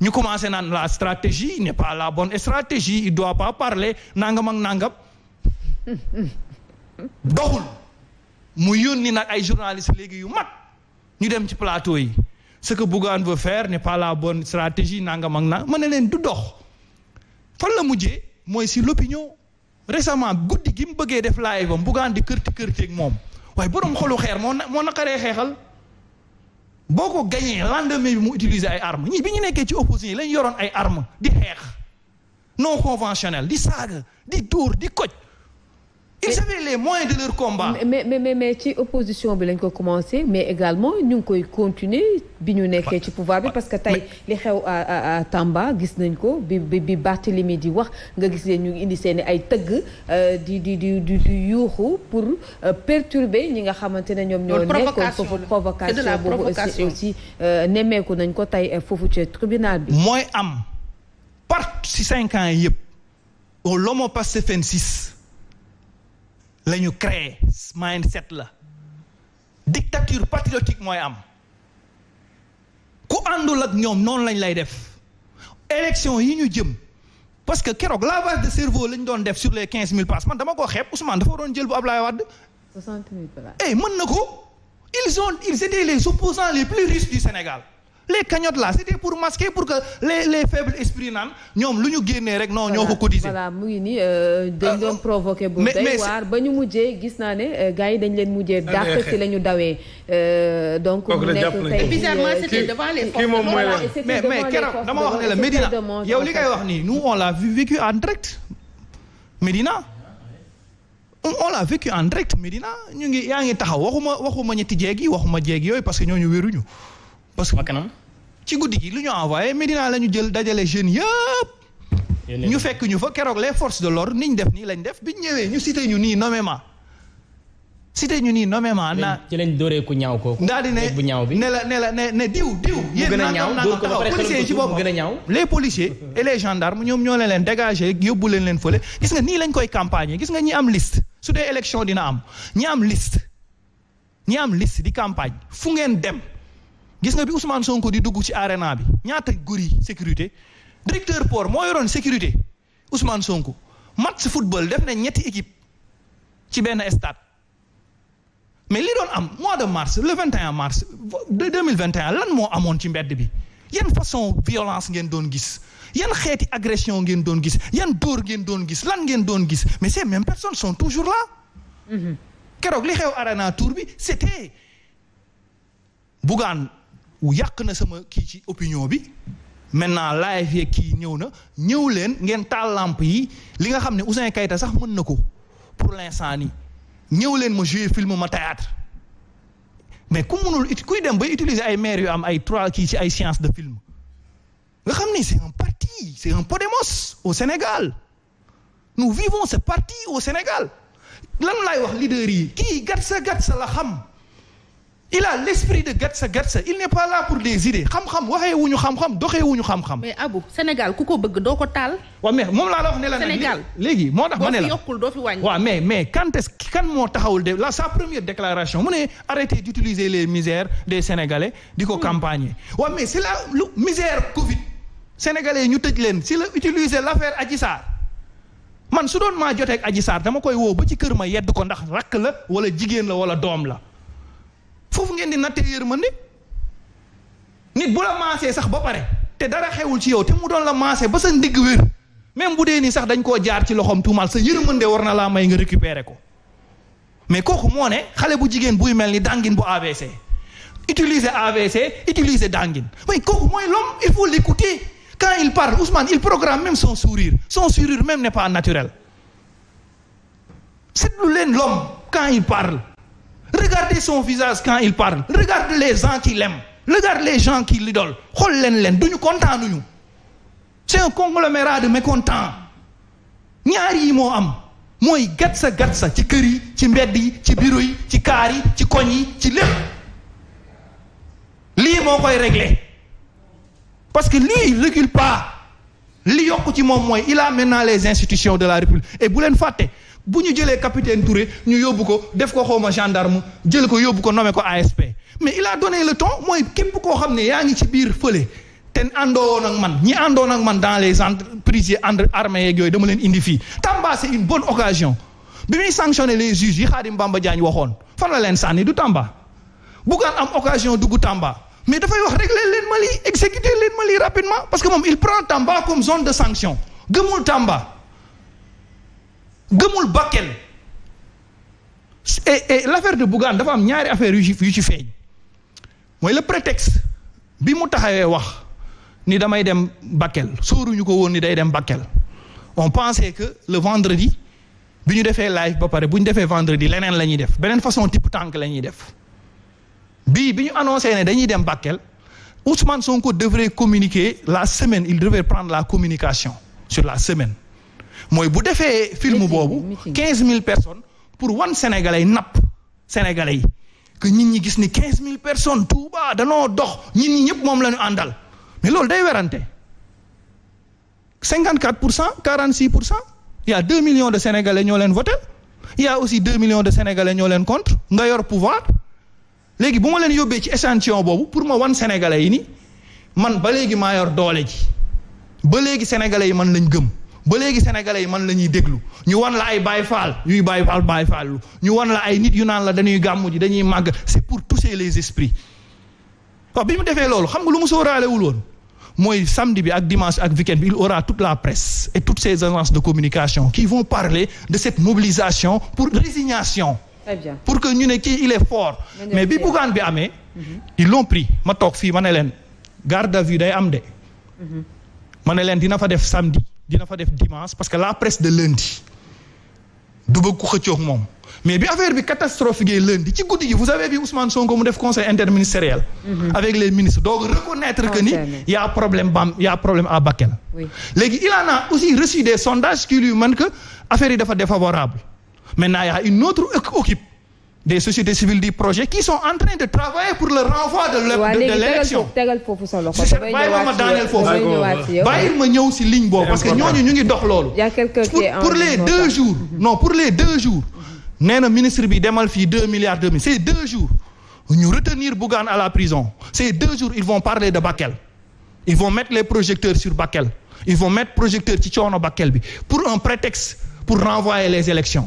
ñu commencé naan la stratégie ne pas la bonne stratégie il doit pas parler nangam nangam doxul mu yónni nag ay journalistes léegi yu mag ñu dem ci plateau yi ce que Bougane veut faire ne pas la bonne stratégie nangam ak nangam ma ne leen du dox fan la mujjee mooy si l'opinion récemment guddi gi mu bëggee def live am Bougane di kërti kërteeg moom waaye borom xolu xeer moo moo naqaree xeexal. boo ko gañee lendemain bi mu utiliser ay armes ñii bi ñu nekkee ci opposition yi lañ yoroon ay armes di xeex non conventionnel di saaga di dóor di koj ils avaient les de leur combat. mais mais mais, ci opposition bi lañ ko commencé mais également ñu ngi koy continuer bi ñu nekkee ci pouvoir bi parce que tey li xew Tamba gis nañ ko bi bi bi Barthélemy di wax nga gis leen ñu ngi indi seen ay tëgg euh, di di di di yuuxu pour euh, perturber ñi nga xamante ne ñoom ñoo nekkoon foofu provocation boobu aussi aussi euh, nemmeeku nañ ko tey foofu ci tribunal bi. mooy am part ci cinq ans yëpp au Lomopas 56. la ñu créé mindset la dictature patriotique mooy am ku àndul ak ñoom noonu lañ lay def élection yi ñu jëm parce que keroog lavage de cerveau la doon def sur les quinze mille places man dama ko xeeb Ousmane dafoo doon jël bu Ablaye Wade. soixante mille places. eh mën na ko ils ont ils étaient les opposants les plus riches du Sénégal. les cagnottes là c'était pour masquer pour que les les faibles esprits naan ñoom lu ñu génnee rek non ñoo ko cotiser voilà mu ngi nii euh, dañ doon euh, provoqué bu day waar ba ñu mujjee gis naa ne euh, gars yi dañ leen mujjee ah, dàq ci la ñu dawee donc mu mais mais keroog dama wax ne la Médina yow li ngay wax nii nu on l'a vécu en direct Médina on l'a vécu en direct Médina ñu ngi yaa ngi taxaw waxuma waxuma ñetti jeeg yi waxuma jeeg yooyu parce que ñooñu wéruñu parce que ci guddi gi lu ñu envoyé Medina la ñu jël dajale jeunes yëpp. ñu fekk ñu fa keroog les forces de lor ni ñu def nii lañ def bi ñu ñëwee ñu cité ñu nii nommément cité ñu nii nommément na ci lañ dóoree ku ñaaw ko daal ne bu ñaaw bi ne la ne la ne ne diw diw yéen nangam nangam taxaw policiers yi ci boppam les policiers et les ñoom ñoo leen leen dégagé yóbbu leen leen fële gis nga nii lañ koy campagne gis nga ñi am liste su dee élection dina am ñi am liste ñi am liste di campagne fu ngeen dem gis nga bi Ousmane Sonko di dugg ci arena bi ñaata guri sécurité directeur port moo yoroon sécurité Ousmane Sonko match football def na ñetti équipe ci benn stade mais li doon am mois de mars le 21 mars de 2021 lan moo amoon ci mbedd bi yan façon violence ngeen doon gis yan xeeti agression ngeen doon gis yan dóor ngeen doon gis lan ngeen doon gis mais ces mêmes personnes son toujours là. Mm-hmm. keroog li xew arena tour bi c'était Bougane yàq na sama kii ci opinion bi maintenant live yeeg kii ñëw na ñëw leen ngeen taal lamp yi li nga xam ne Ouzin Keita sax mën na ko pour l'instant nii ñëw leen ma jouer film ma théâtre mais ku mënul it kuy dem bay utiliser ay maire yu am ay trois kii ci ay science de film nga xam ni c'est un parti c'est un Podemos au Sénégal nous vivons ce parti au Sénégal lan laay wax leader yi kii gat sa gat sa la xam il a l'esprit de gatsa gatsa il n'est pas là pour des idées xam-xam waxee wuñu xam-xam doxee wuñu xam-xam. mais Abou Sénégal ku ko bëgg doo ko taal. waaw mais moom laa la wax ne la. Sénégal léegi moo tax ma ne la boo doo fi wàññi. mais mais quand kan moo taxawul de la sa première déclaration mu ne arrêtez d'utiliser les misères des Sénégalais di ko hmm. campagner. waaw mais c'est la lu misère Covid Sénégalais ñu tëj leen si la utiliser l'affaire Adji Sarr man su doon maa jotee ak Adji dama koy woo ba ci kër ma yedd ko ndax rakk la wala jigéen la wala doom la. foofu ngeen di nattee yërmande nit bu la maasee sax ba pare te dara xewul ci yow te mu doon la maasee ba sa ndigg wér même bu dee ni sax dañ koo jaar ci loxoom tuumal sa yërmande war na laa may nga récupérer ko mais kooku moo ne xale bu jigéen buy mel ni dangin bu AVC utiliser AVC utiliser dangin mais kooku mooy l'homme il faut l'écouter quand il parle Ousmane il programme même son suurir son sourire même n'est pas naturel. Seetlu leen l'homme quand il parle regardez son visage quand il parle regardez les gens qui l'aiment regardez les gens qui dool xool leen leen duñu kontaan nuñu c'est un conglomérat de mécontents ñaar yi moo am mooy gat sa gat sa ci kër yi ci mbedd yi ci bureau yi ci kaar yi ci koñ yi ci lépp lii moo koy régler parce que lui il recule li yokk ci moom mooy il a maintenant les institutions de la République et bu leen fàtte bu ñu jëlee capitaine Touré ñu yóbbu ko def ko xawma gendarme jël ko yóbbu ko nommé ko ASP mais il a donné le ton mooy képp ko xam ne yaa ngi ci biir fële te àndoowoon ak man ñi àndoon ak man dans les entreprises yi entre armée yeeg yooyu dama leen indi fii Tamba c'est une bonne occasion bi muy sanctionner les juges yi Khadim Bamba Diagne waxoon fan la leen sànni du Tamba buggaan am occasion dugg Tamba mais dafay wax régler leen Mali exécuter leen Mali rapidement parce que moom il Tamba comme zone de sanction gëmul Tamba gëmul bakken et et l'affaire de Bougane dafa am ñaari affaire yu ci yu ci feeñ mooy le prétexte bi mu taxawee wax ni damay dem Bakel sóoruñu ko woon ni day dem Bakel on pensait que le vendredi bi ñu defee live ba pare bu ñu defee vendredi leneen la ñuy def beneen façon type tànk la ñuy def bii bi ñu annoncé ne dañuy dem Bakel Ousmane Sonko devrait communiquer la semaine il devrait prendre la communication sur la semaine mooy bu defee film boobu quinze mille personnes pour wan sénégalais napp sénégalais yi que nit ñi gis ni quinze mille personnes Touba danoo dox nit ñi ñëpp moom la àndal mais loolu day werante cinquante quatre pour cent quarante six pour cent a deux millions de sénégalais ñoo leen voté y a aussi deux millions de sénégalais ñoo leen contre nga yor pouvoir léegi bu ma leen yóbbee ci échantillon boobu pour ma wan sénégalais yi ni man ba léegi maa yor doole ji ba léegi sénégalais yi man lañ gëm. ba léegi sénégalais yi man la ñuy déglu ñu wan la ay Baye Fall yuy Baye Fall Baye Fall ñu wan la ay nit yu naan la dañuy gàmmu ji dañuy màgg c'est pour toucher les esprits waaw bi mu defee loolu xam nga lu mu sooraalewul woon mooy samedi bi ak dimanche ak week bi il aura toute la presse et toutes ces agences de communication qui vont parler de cette mobilisation pour résignation pour que ñu ne kii il est fort mais bi buggaan bi amee mhm. ils l'ont pris ma toog fii ma ne leen garde à vue day am de mhm. ne leen dina fa def samedi dina fa def dimanche parce que la presse de lundi du bëgg ku xëccoog moom mais bi affaire bi catastrophique lundi ci guddi gi vous avez vu Ousmane Sonko mu def conseil interministériel. Mhm. avec les ministres donc reconnaître que ni y' problème bam y' problème à Bakel. léegi il en a aussi reçu des sondage qui lui montrent que affaire yi dafa défavorable maintenant y' a une autre équipe. des sociétés civiles du projet qui sont en train de travailler pour le renvoi de l'élection tegal ma ma ñëw si ligne boobu parce que ñooñu ñu ngi dox loolu pour les deux jours non pour les deux jours nee na ministre bi demal fii deux milliards deux mille c'est deux jours ñu retenir Bougane à la prison ces deux jours ils vont parler de Bakel ils vont mettre les projecteurs sur Bakel ils vont mettre projecteurs ci coono Bakel bi pour un prétexte pour renvoyer les élections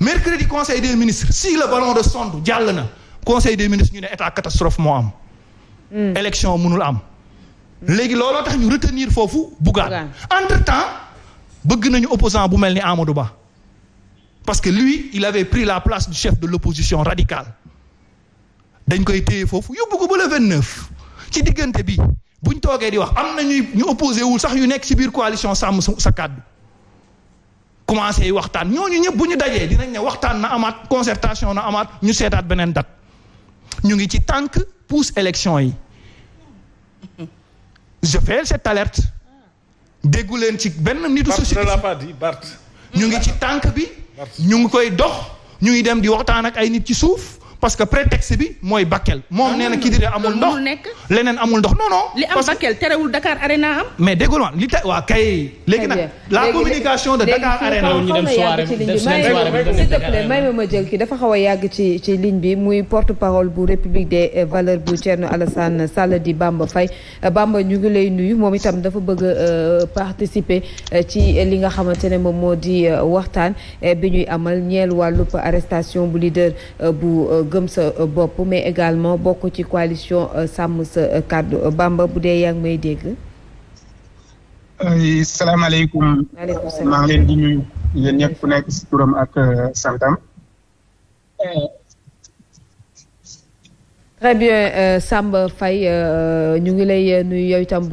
mercredi conseil des ministre si le ballon de sonde jàll na conseil des ministres ñu ne état catastrophe moo am. Hmm. élection mënul am. léegi looloo tax ñu retenir foofu Bougane entre temps bëgg nañu opposant bu mel ni Amadou Ba parce que lui il avait pris la place du chef de l'opposition radicale dañ koy téye foofu yóbbu ko bala le 29 ci diggante bi buñ toogee di wax am na ñuy ñu opposé wul sax yu nekk ci biir coalition sàmm sa kàddu commencé waxtaan ñooñu ñëpp bu ñu dajee dinañ ne waxtaan na amaat concertation na amaat ñu seetaat beneen date ñu ngi ci tànk pousse élection yi je fais cette alerte déggu leen ci benn nitu société ñu ngi ci tànk bi ñu ngi koy dox ñu ngi dem di waxtaan ak ay nit ci suuf parce que prétexte bi mooy Bakel. moom ah, nee na Kidira amul ndox leneen amul ndox non non. li am Bakel terewul Dakar Arena am. mais déggoo ma li ta waa kay. léegi nag la communication de Dakar Arena. ñu dem soirée dem s'il te plaît may ma ma jël kii dafa xaw a yàgg ci ci ligne bi muy porte parole bu république des valeurs bu Thierno Alassane Sall di Bamba Faye euh, Bamba ñu ngi lay nuyu moom itam dafa bëgg a euh, participer euh, ci li nga xamante ne moom moo di waxtaan bi ñuy amal ñeel wàllub arrestation bu leader bu. gëm sa euh, bopp mais également bokk ci coalition euh, sàmm sa kàddu Bamba bu dee yaa ngi may dégg. Euh, salaamaaleykum. maaleykum très bien Samba Faye ñu ngi lay nuyu yow bu